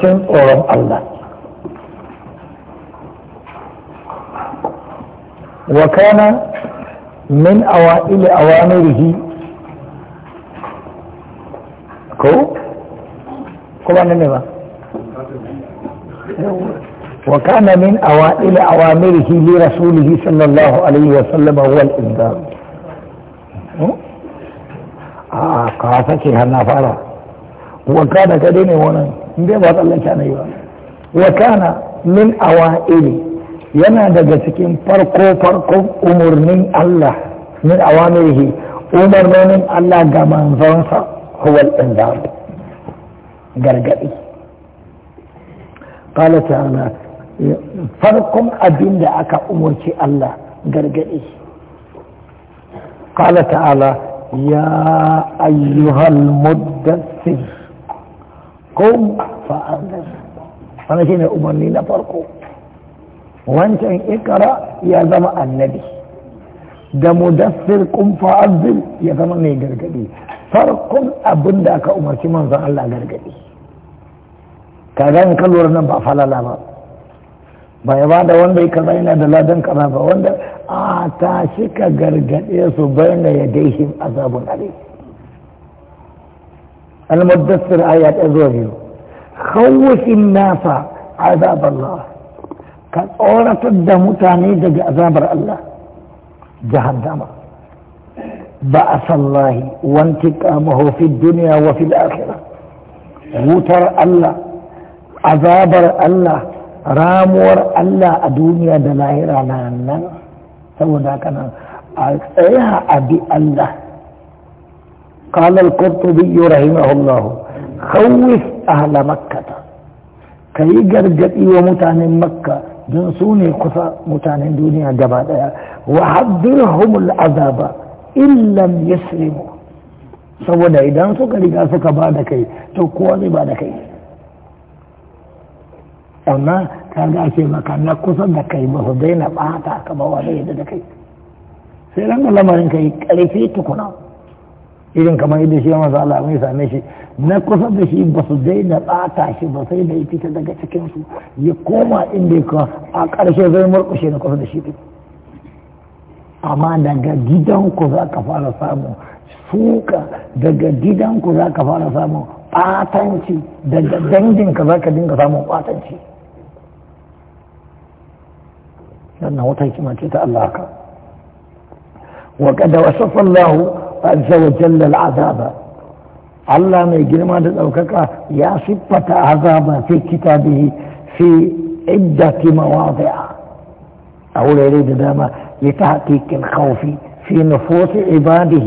cin tsoron Allah wa kana min awa'il awamirihi ko kuma ne وكان من أوائل أوامره لرسوله صلى الله عليه وسلم هو الإنذار آه قافتها نفرة وكان كدين هنا in dai ba tsallan shana yi ba wa kana min awa'ili yana daga cikin farko farko umarnin Allah min awamirihi umarnin Allah ga manzonsa huwal inzar gargadi qala ta'ala farkon abin da aka umarci Allah gargadi qala ta'ala ya ayyuhal muddassir قم shi ne umarni na farko wancan ikara ya zama annabi da mudassir kun fa'azzir ya zama mai gargadi farkon abin da aka umarci manzon Allah gargadi kaga in kalwar nan ba falala ba ba ya ba da wanda ya kaza yana da ladan kaza ba wanda a ta shika ka gargade su bayan da ya daihim azabun alayhi المدثر آيات أزواجه خوف الناس عذاب الله كان أورة الدمتاني دج عذاب الله جهنم بأس الله وانتقامه في الدنيا وفي الآخرة وتر الله عذاب الله رامور الله الدنيا duniya da lahira na nan أيها أبي الله قال القرطبي رحمه الله خوف أهل مكة كيجر جئي إيوه ومتان مكة جنسوني قصى متان دنيا جبالها وحذرهم العذاب إن لم يسلموا سوى دائدان سوى كريكا سوى بادكي تو قواني بادكي أما كان قاسي ما كان نقصى دكي بهدين بآتا كما وليد دكي سيران الله مرنكي كليفيت كناو irin kamar yadda shi yawan Allah mai same shi na kusa da shi ba su daina bata shi ba sai da ya fita daga cikinsu ya koma inda ya kuma a ƙarshe zai murkushe na kusa da shi amma daga gidanku za ka fara samun suka daga gidanku za ka fara samun ɓatanci daga danginka za ka dinga samun ɓatanci wannan wata hikima ce ta Allah ka wa kada wasu sallahu عز وجل العذاب الله ما يقول ما يا صفة عذاب في كتابه في عدة مواضع أو لا يريد داما لتحقيق الخوف في نفوس عباده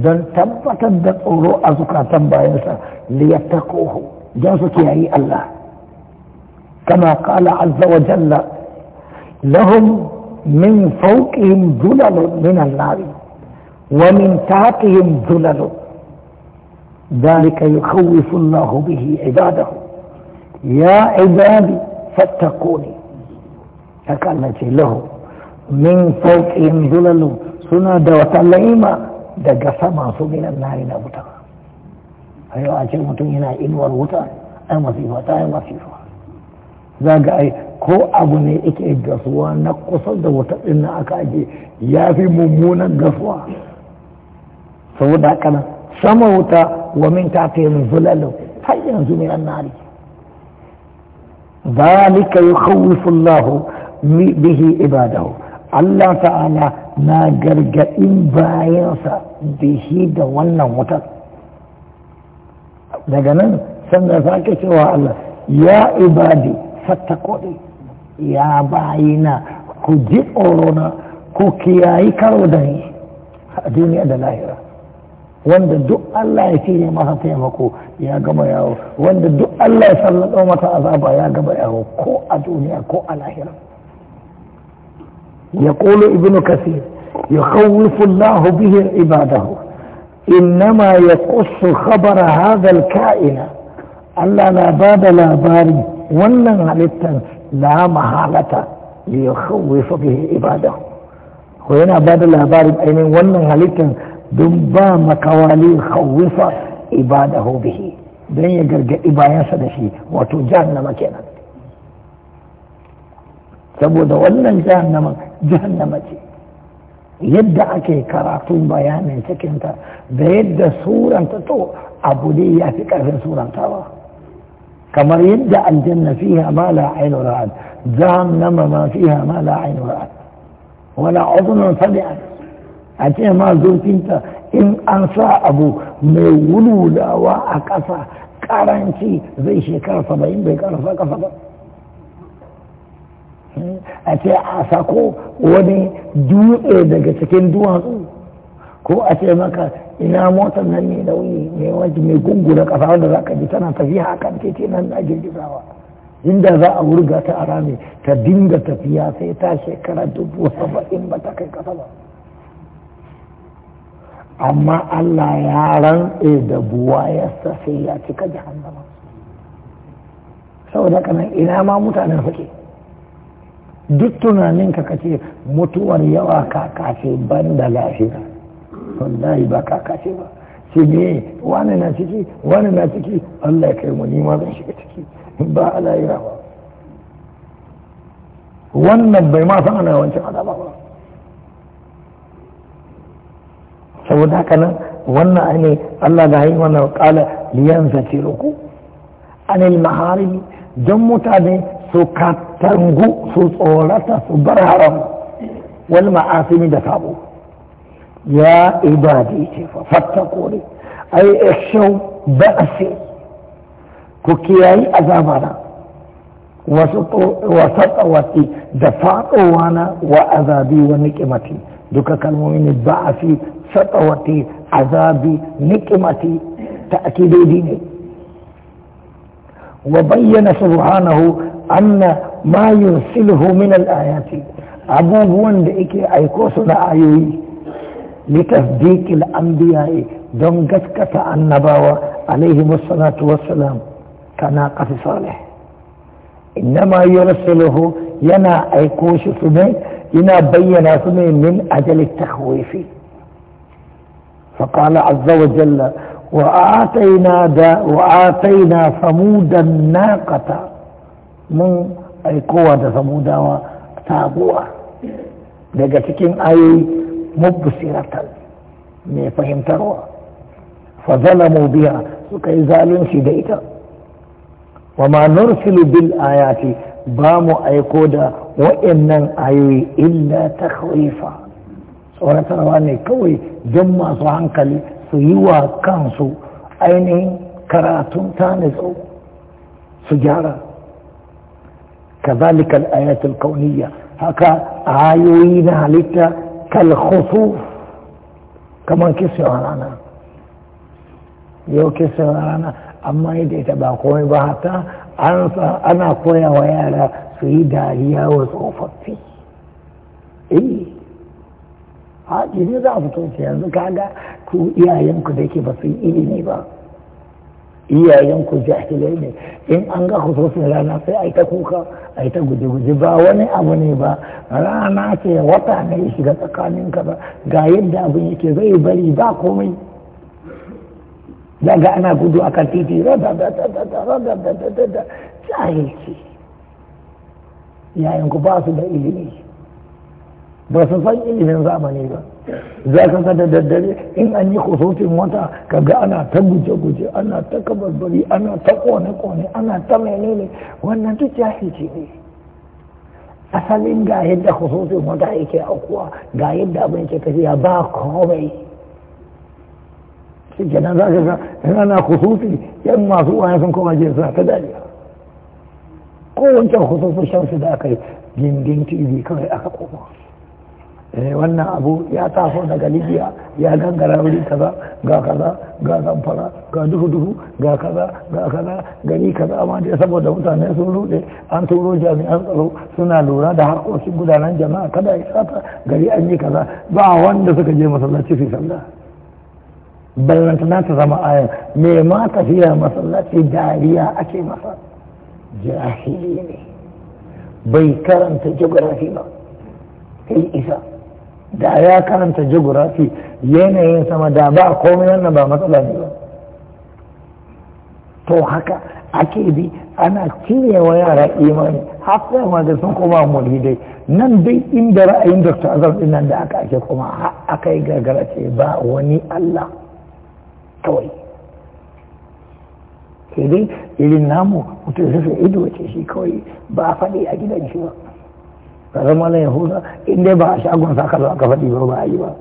ذن تبت الدقور أزكى تبا ينسى ليتقوه جازك يا أي الله كما قال عز وجل لهم من فوقهم ذلل من النار ومن تحتهم ذلل ذلك يخوف الله به عباده يا عبادي فاتقوني فقال له من فوقهم ذلل سنة دوة اللئيمة دق سما من النار نبتا أيوة أجل متنين إنوار وطا أي في أي مصيفة ذاك أي ko abu ne yake gasuwa na kusa da wata ɗin aka aje saboda haka nan sama wuta wa min tafiyin zulalu har yanzu ne an nari zalika yukhawwifu Allah bihi ibadahu Allah ta'ala na gargadin bayansa bihi da wannan wutar daga nan sanda sake cewa Allah ya ibadi fattakoɗe ya bayina ku ji tsorona ku kiyayi karo da ni a duniya da lahira wanda duk Allah ya cire masa taimako ya gama yawo wanda duk Allah ya sallaɗo masa azaba ya gama yawo ko a duniya ko a lahira ya ƙolo ibnu kasir ya khawwifu Allah bihi ibadahu innama ya qussu khabara hadha kaina Allah na bada labari wannan halittan la mahalata li yakhawwifa bihi ibadahu ko yana bada labarin ainihin wannan halittan don ba makawali khawwifa ibadahu bihi don ya gargaɗi bayansa da shi wato jahannama kenan saboda wannan jahannama jahannama ce yadda ake karatun bayanin cikinta da yadda suranta to abu ne ya fi ƙarfin surantawa kamar yadda aljanna fiha ma la ainu ra'ad jahannama ma fiha ma la ainu ra'ad wala udhun sami'at a ce ma zurfinta in an sa abu mai wululawa a ƙasa ƙaranci zai shekara saba'in bai ƙarasa ƙasa ba a ce a sako wani dutse daga cikin duwatsu ko a ce maka ina motar nan ne da wuni ne wajen mai gungura ƙasa wanda za ka ji tana tafiya a kan titi nan na girgizawa inda za a wurga ta a rami ta dinga tafiya sai ta shekara dubu saba'in ba ta kai ƙasa ba amma Allah ya rantse da buwa ya sai ya cika jahannama saboda kanan ina ma mutanen suke duk tunanin ka kace mutuwar yawa kakace ban da lafiya wallahi ba kakace ba shi ne wani na ciki wani na ciki Allah ya kai mu nima zan shiga ciki ba ala yawa wannan bai ma san ana wancan azaba ba saboda haka nan wannan ne Allah da yi wannan kala liyan zace ruku anil mahari don mutane su katangu su tsorata su bar haram wal ma'asimi da sabo ya ibadi ce fa fattako ne ai ishau ba'asi ku kiyayi azabana wasu tsawati da faɗowa na wa azabi wa niƙimati دوكا كان مؤمن ضعفي سطوتي عذابي نكمتي تأكيد ديني وبين سبحانه أن ما يرسله من الآيات أبو بوان دعيك أيكوسنا آيوي لتصديق الأنبياء دون قسكة النباوة عليهم الصلاة والسلام كناقة صالح إنما يرسله ينا أيكوش سمي ينا بينا سمي من أجل التخويف فقال عز وجل وآتينا, دا وآتينا ثمود الناقة من أيكوة ثمود وتابوة daga أي مبصرة mubsiratan mai fahimtarwa fa zalamu biya suka وما نرسل بالآيات بام أيكودا وإن أيوي إلا تخويفا سورة رواني كوي جمع سوانكالي سيوا كانسو أيني كراتون تانزو سجارة كذلك الآيات الكونية هكا آيوين هلتا كالخصوف كما كسيوانانا يو كسيوانانا amma yadda ita ba komai ba hata ana koya wa yara su yi dariya wa tsofaffi eh a jini za a fito ce yanzu kaga ku iyayenku da ke ba su yi ilimi ba iyayenku jahilai ne in an ga ku sosai rana sai a yi ta kuka a yi ta guje-guje ba wani abu ne ba rana ce wata ne shiga tsakanin ka ba ga yadda abin yake zai bari ba komai daga ana gudu a kan titi jahilci yayin ku ba su da ilimi ba su san ilimin zamani ba za ka sa da daddare in an yi kusurcin wata kaga ana ta guje-guje ana ta kabarbari ana ta kone-kone ana ta menene wannan duk jahilci ne asalin ga yadda kusurcin wata yake aukuwa ga yadda abin yake tafiya ba komai shi kenan za ka ga rana kusufi yan masu waya sun koma jin suna ta dariya ko wancan kusufin da aka yi gindin tv kawai aka koma eh, wannan abu ya taso daga libya ya gangara wuri kaza ga kaza ga zamfara ga duhu duhu ga kaza ga kaza gani kaza amma dai saboda mutane sun rude an turo jami'an tsaro suna lura da harkokin gudanar jama'a kada ya sata gari an yi kaza ba wanda suka je masallaci fi sallah ballantana ta zama aya. me ma tafiya masallaci dariya ake masa jahili ne bai karanta geography ba kai isa da ya karanta geography yanayin sama da ba komai wannan ba matsala ne ba to haka ake bi ana cirewa yara imani hatta ma da sun koma mulhidai nan dai inda ra'ayin dr azar din nan da aka ake koma aka yi gargara ce ba wani allah kawai sai dai irin namu mutum su su ido ce shi kawai ba a faɗi a gidan shi ba ba zama na yahuza in dai ba a shagon sa kaza aka faɗi ba ba a yi ba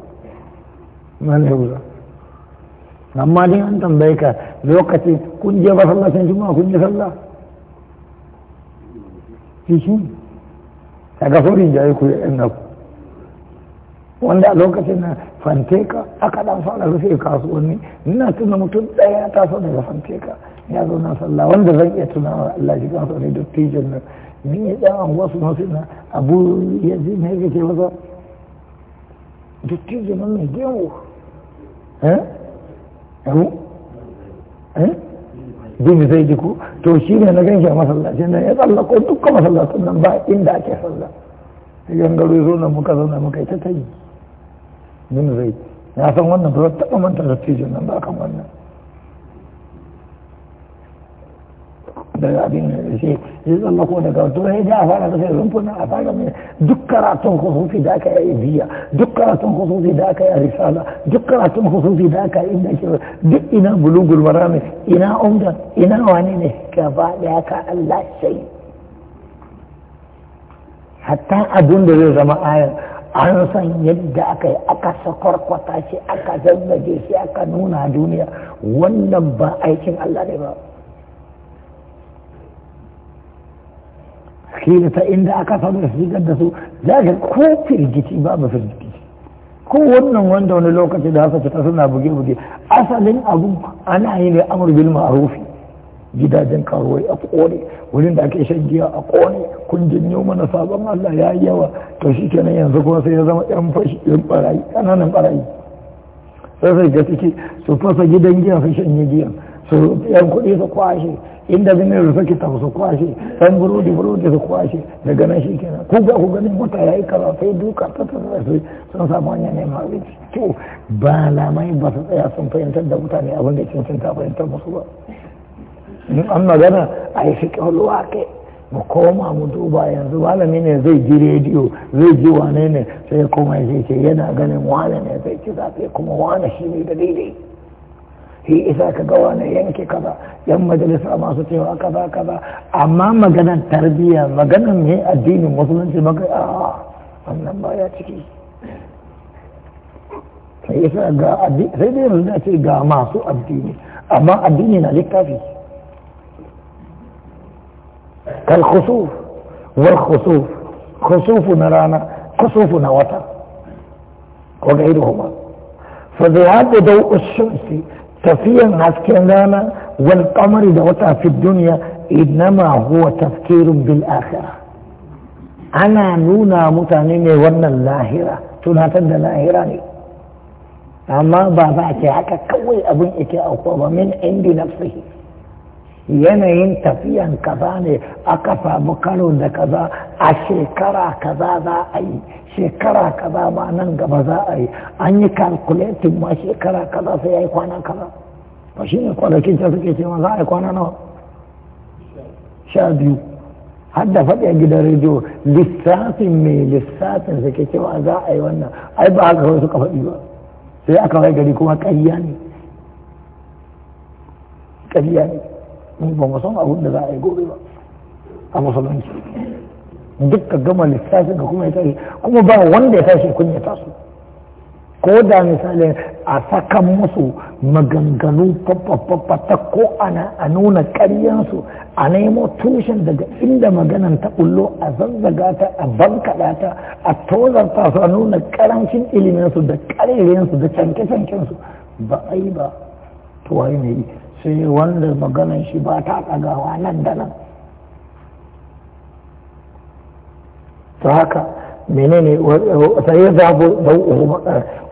na yahuza amma dai an tambaye ka lokacin kun je ba sallacin juma'a kun je sallah shi shi daga furin jayi ku yan naku wanda a lokacin na fanteka aka dan fara rufe kasuwanni ina tuna mutum ɗaya ta taso daga fanteka ya zo na sallah wanda zan iya wa Allah shi kan sauri da tijin nan ni ya ɗan an wasu masu na abu ya ji ne ga ke wasa da tijin nan mai gemu eh bin eh? zai ji to shi ne na ganshi a masallaci nan ya tsallako dukkan masallacin nan ba inda ake sallah sai gangaro zo na muka na muka yi ta tayi min zai ya san wannan ba taɓa manta da tijin nan ba kan wannan daga abin da shi ya zama ko daga to ya ji a fara kashe rumfuna a fara mai duk karatun hususi da aka yi biya duk karatun hususi da aka yi risala duk karatun hususi da aka yi inda ke duk ina bulugul mai. ina umdan ina wani ne gaba daya ka Allah shai hatta abun da zai zama ayan an san yadda aka yi aka sakwarkwata shi aka zazzage shi aka nuna duniya wannan ba aikin Allah ne ba kila ta inda aka samu shigar da su za ka ko firgiti ba firgiti ko wannan wanda wani lokaci da haka ta suna buge-buge asalin abu ana yi ne amur bil ma'arufi gidajen karuwai a kone wurin da ake shan giya a kone kun janyo mana sabon Allah ya yi yawa to shi kenan yanzu kuma sai ya zama yan fashi yan barayi kananan barayi sai sai ga ciki su fasa gidan giya su shanye giya su yan kuɗi su kwashe inda zai da saki tafi su kwashe san burodi burodi su kwashe daga nan shi kenan ku ga ku ganin mota ya yi karatai duka ta ta sai sun samu wani ne ma zai to ba lamai ba su tsaya sun fahimtar da mutane abin da ta fahimtar musu ba in an magana a yi fiƙar waƙe mu koma mu duba yanzu malami ne zai ji rediyo zai ji wane ne sai kuma ya ce yana ganin wane ne zai ci zafi kuma wane shi ne da daidai shi isa ka ga wane yanke kaza yan majalisa masu cewa kaza kaza amma maganar tarbiyya maganar ne addinin musulunci maka a wannan baya ciki sai isa ga addini sai dai yanzu da ce ga masu addini amma addini na littafi كالخسوف والخسوف خسوف رانا خسوف وتر وغيرهما فذهاب ضوء الشمس تفيا عسكن رانا والقمر دوتا في الدنيا إنما هو تفكير بالآخرة أنا نونا متانين ون اللاهرة تناتن اللاهرة أما بابا تي هكا كوي أبن إتي او من عند نفسه yanayin tafiyan kaza ne a kafa karo da kaza a shekara kaza za a yi shekara kaza ba nan gaba za a yi an yi calculating ma shekara kaza sai ya yi kwana kaza ba shi ne kwanakin ta suke cewa za a yi kwana nawa sha biyu har da faɗi a gidan rediyo lissafin mai lissafin suke cewa za a yi wannan ai ba haka kawai suka faɗi ba sai aka wai gari kuma ƙarya ne ƙarya ne ba mu san abin da za a yi gobe ba a musulunci dukka gama littafin ka kuma ya tashi kuma ba wanda ya tashi kunya taso ko da misali a saka musu maganganu ta ko ana a nuna karyansu a nemo tushen daga inda maganan ta bullo a zazzaga ta a bankaɗa ta a tozarta su a nuna karancin iliminsu da karerensu da canke-cankensu ba a yi ba to waye ne sai wanda maganan shi ba ta ɗagawa nan da nan ta haka menene sai ya zabo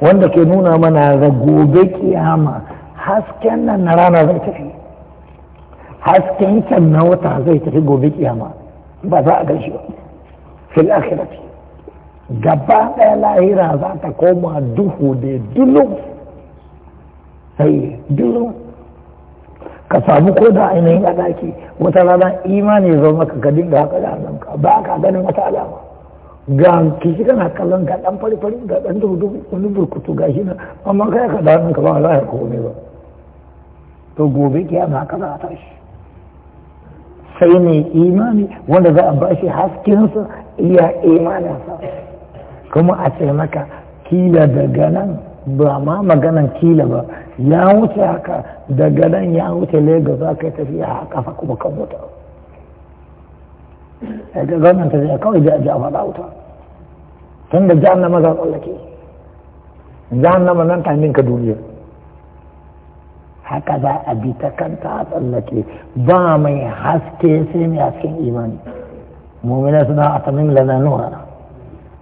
wanda ke nuna mana da gobe kiyama hasken nan na rana zai tafi hasken can na wata zai tafi gobe kiyama ba za a gan shi ba fil akhirati gaba ɗaya lahira za ta koma duhu da dulu sai dulu ka samu ko da ainihin a wata rana imani zo maka ka dinga haka da hannunka ba ka ganin wata alama ga kishi kana kallon ga dan fari fari ga dan dubu wani burkutu ga shi nan amma kai ka da hannunka ba za ya komai ba to gobe kiyama haka za a tashi sai ne imani wanda za a ba shi sa iya imaninsa kuma a ce maka kila da ganan, ba ma maganan kila ba ya wuce haka daga nan ya wuce lagos za ka tafiya a kafa kuma kan wuta ya ga gwamnan tafiya kawai ji a ji a faɗa wuta tun da jahannama za tsallake jahannama nan tamin ka duniya haka za a bi ta kanta a tsallake ba mai haske sai mai hasken imani mummina suna a tamin lana nuna,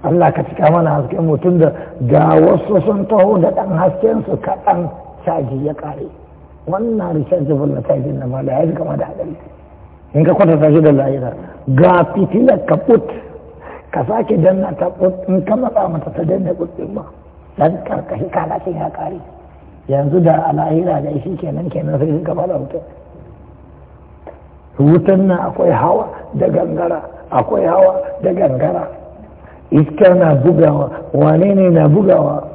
Allah ka cika mana hasken mutum da ga wasu sun taho da ɗan hasken su kaɗan caji ya kare wannan zubin na caji na da ya zika da hadari in ka kwatanta shi da la'ira ga fitilar ka put ka sake danna ta put in ka matsa mata ta danna put din ma dan karkashin kalacin ya kare yanzu da a lahira da shi kenan kenan sai suka bada wuta wutan nan akwai hawa da gangara akwai hawa da gangara iska na bugawa wane ne na bugawa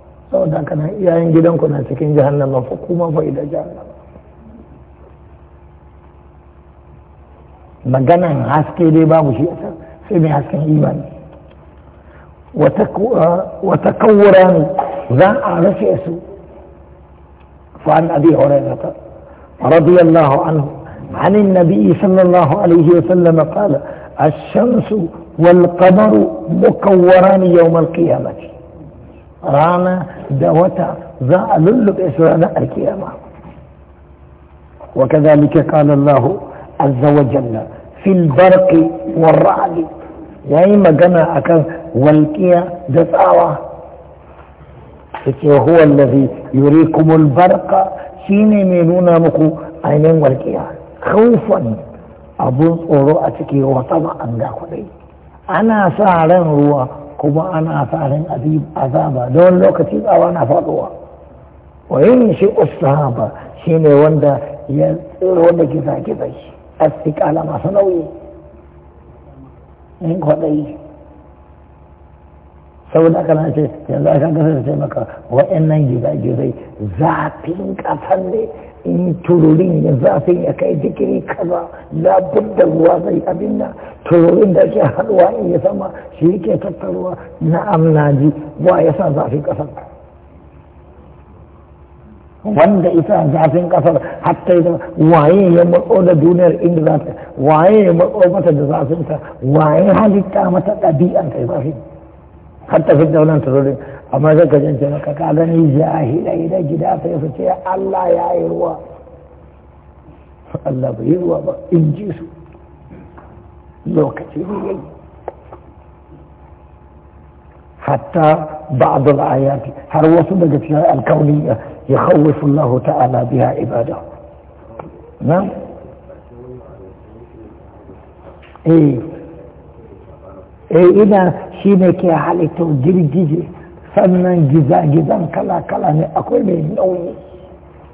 saboda haka na iyayen gidanku na cikin jahannama fa kuma fa ida jahannama maganan haske dai babu shi a sai mai hasken imani wata kawura ne za a rufe su fa'an فعن أبي هريرة رضي الله عنه عن النبي صلى الله عليه وسلم قال الشمس والقمر مكوران يوم القيامة rana da wata za a lullube su ranar alkiyama wa kazalika qala Allah azza wa jalla fil barqi war ra'd yayi magana akan walqiya da tsawa yake huwa allazi yurikumul barqa shine mai nuna muku ainihin walqiya khawfan abun tsoro a cikin wata ma'anga kudai ana sa ran ruwa kuma ana farin azaba don lokaci tsawa na faɗowa wayin shi usahaba shi ne wanda ya tsira wanda gizagizai astikala masu nauyi in kwaɗayi saboda haka na ce yanzu a kan kasar ce maka wa'annan gizagizai zafin kasan ne in tururin ya zafin ya kai jikiri kaza labur da ruwa zai abin na tururin da ke haɗuwa in ya sama shi yake tattaruwa na amnaji wa ya sa zafin kasar wanda isa zafin kasar hatta yi waye ya matso da duniyar inda za ta waye ya matso mata da zafinta waye halitta mata ɗabi'anta zafin حتى في الدولة أنت تقولين أما ذلك جنت لك كعبني زاهل إلى جدا فيفتح الله يا إروا الله بإروا إنجيس لو كتبه حتى بعض الآيات هل وصل الكونية يخوف الله تعالى بها عباده نعم ايه eh ina shi ne ke halitta girgije sannan gizagizan kala-kala ne akwai mai nauyi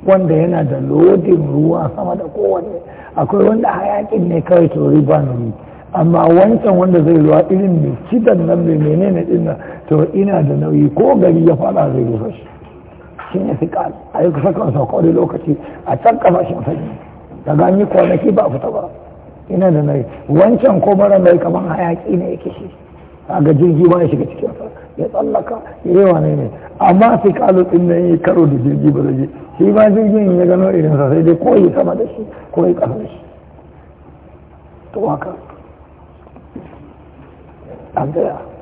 wanda yana da lodin ruwa sama da kowane akwai wanda hayakin ne kawai tori ba nuri amma wancan wanda zai ruwa irin mai cidan nan mai menene din nan to ina da nauyi ko gari ya fada zai rufe shi shi ne fikal a yi kusa kan lokaci a can kafashin sanyi daga an kwanaki ba a fita ba ina da nai wancan ko mara mai kamar hayaki ne yake shi ga jirgi ba ya shiga cikin sa ya tsallaka yawa ne ne amma su kalu din nan karo da jirgi ba zai shi ba jirgin ya gano irin sa sai dai ko yi sama da shi ko yi kasa da shi to haka an tsaya